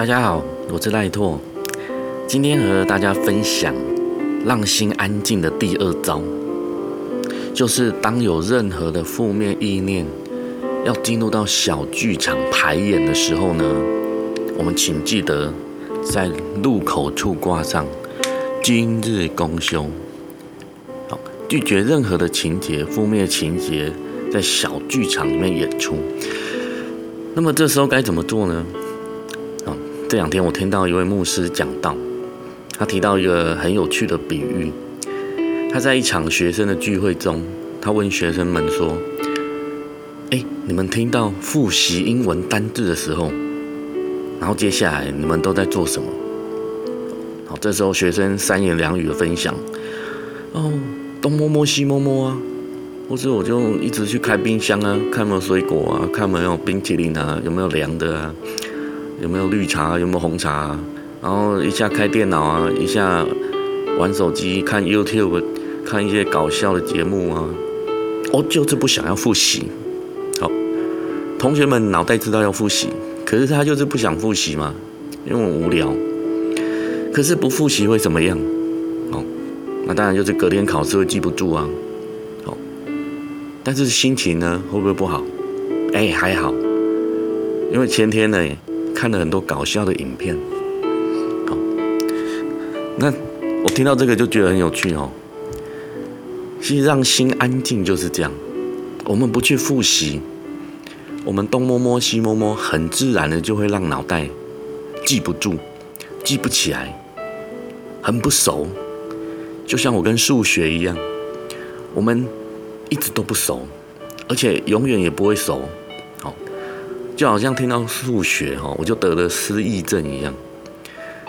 大家好，我是賴拓。今天和大家分享讓心安靜的第二招，就是當有任何的負面意念要進入到小劇場排演的時候呢，我們請記得在入口處掛上“今日公休”，好，拒絕任何的情節，負面情節在小劇場裡面演出。那麼這時候該怎麼做呢？這兩天我聽到一位牧師講道，他提到一個很有趣的比喻。他在一場學生的聚會中，他問學生們說：“哎，你們聽到複習英文單字的時候，然後接下來你們都在做什麼？”好，這時候學生三言兩語的分享：“哦，東摸摸西摸摸啊，或者我就一直去開冰箱啊，看有沒有水果啊，看有沒有冰淇淋啊，有沒有涼的啊。”有沒有綠茶？有沒有紅茶啊？然後一下開電腦啊，一下玩手機、看 YouTube、看一些搞笑的節目啊。我、哦、就是不想要複習。好、哦，同學們腦袋知道要複習，可是他就是不想複習嘛，因為我無聊。可是不複習會怎麼樣？哦，那當然就是隔天考試會記不住啊。好、哦，但是心情呢會不會不好？哎，還好，因為前天呢。看了很多搞笑的影片，那我聽到這個就覺得很有趣哦。其實讓心安靜就是這樣，我們不去復習，我們東摸摸西摸摸，很自然的就會讓腦袋記不住、記不起來，很不熟。就像我跟數學一樣，我們一直都不熟，而且永遠也不會熟。就好像聽到數學哈，我就得了失憶症一樣，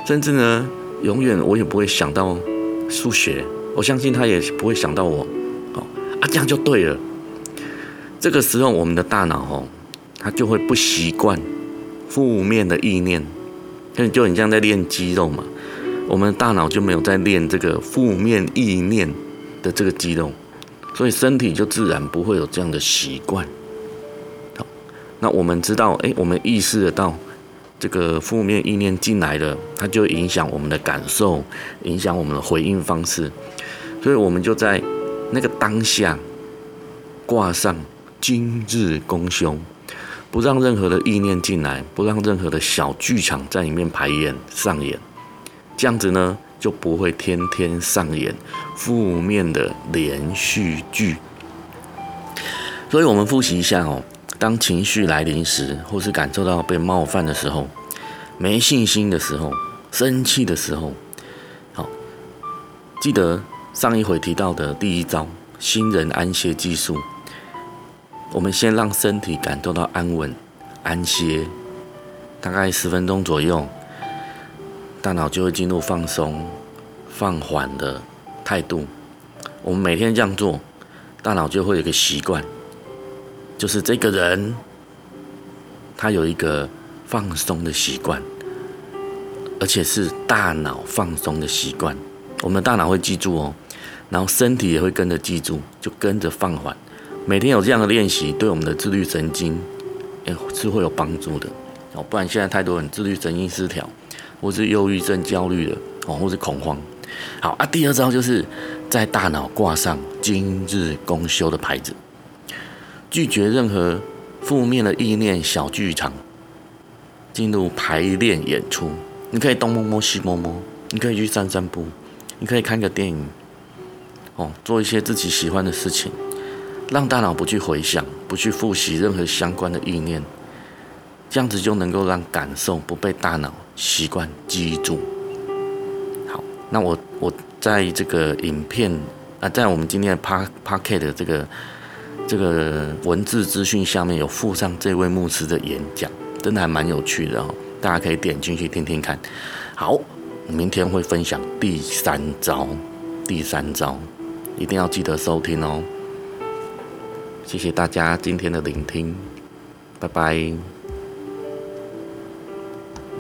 甚至呢，永遠我也不會想到數學，我相信他也不會想到我，哦啊，這樣就對了。這個時候，我們的大腦吼，他就會不習慣負面的意念，那就很像在練肌肉嘛。我們的大腦就沒有在練這個負面意念的這個肌肉，所以身體就自然不會有這樣的習慣。那我們知道，誒，我們意識得到這個負面意念進來了，它就影響我們的感受，影響我們的回應方式。所以，我們就在那個當下掛上今日公休，不讓任何的意念進來，不讓任何的小劇場在裡面排演上演。這樣子呢，就不會天天上演負面的連續劇。所以我們複習一下哦。當情緒來臨時，或是感受到被冒犯的時候，沒信心的時候，生氣的時候，好，記得上一回提到的第一招，心人安歇技術。我們先讓身體感受到安穩、安歇，大概十分鐘左右，大腦就會進入放鬆、放緩的態度。我們每天這樣做，大腦就會有一個習慣。就是這個人，他有一個放鬆的習慣，而且是大腦放鬆的習慣。我們的大腦會記住哦，然後身體也會跟着記住，就跟着放緩。每天有這樣的練習，對我們的自律神經也是會有幫助的哦。不然現在太多人自律神經失調，或是憂鬱症、焦慮的哦，或是恐慌。好啊，第二招就是在大腦掛上今日公休的牌子。拒絕任何負面的意念，小劇場進入排練演出。你可以東摸摸西摸摸，你可以去散散步，你可以看個電影，哦，做一些自己喜歡的事情，讓大腦不去回想、不去複習任何相關的意念，這樣子就能夠讓感受不被大腦習慣記住。好，那我我在這個影片啊、呃，在我們今天的 PARK PARKET 的這個。這個文字資訊下面有附上這位牧師的演講，真的還蠻有趣的哦，大家可以點進去聽聽看。好，明天會分享第三招，第三招一定要記得收聽哦。謝謝大家今天的聆聽，拜拜。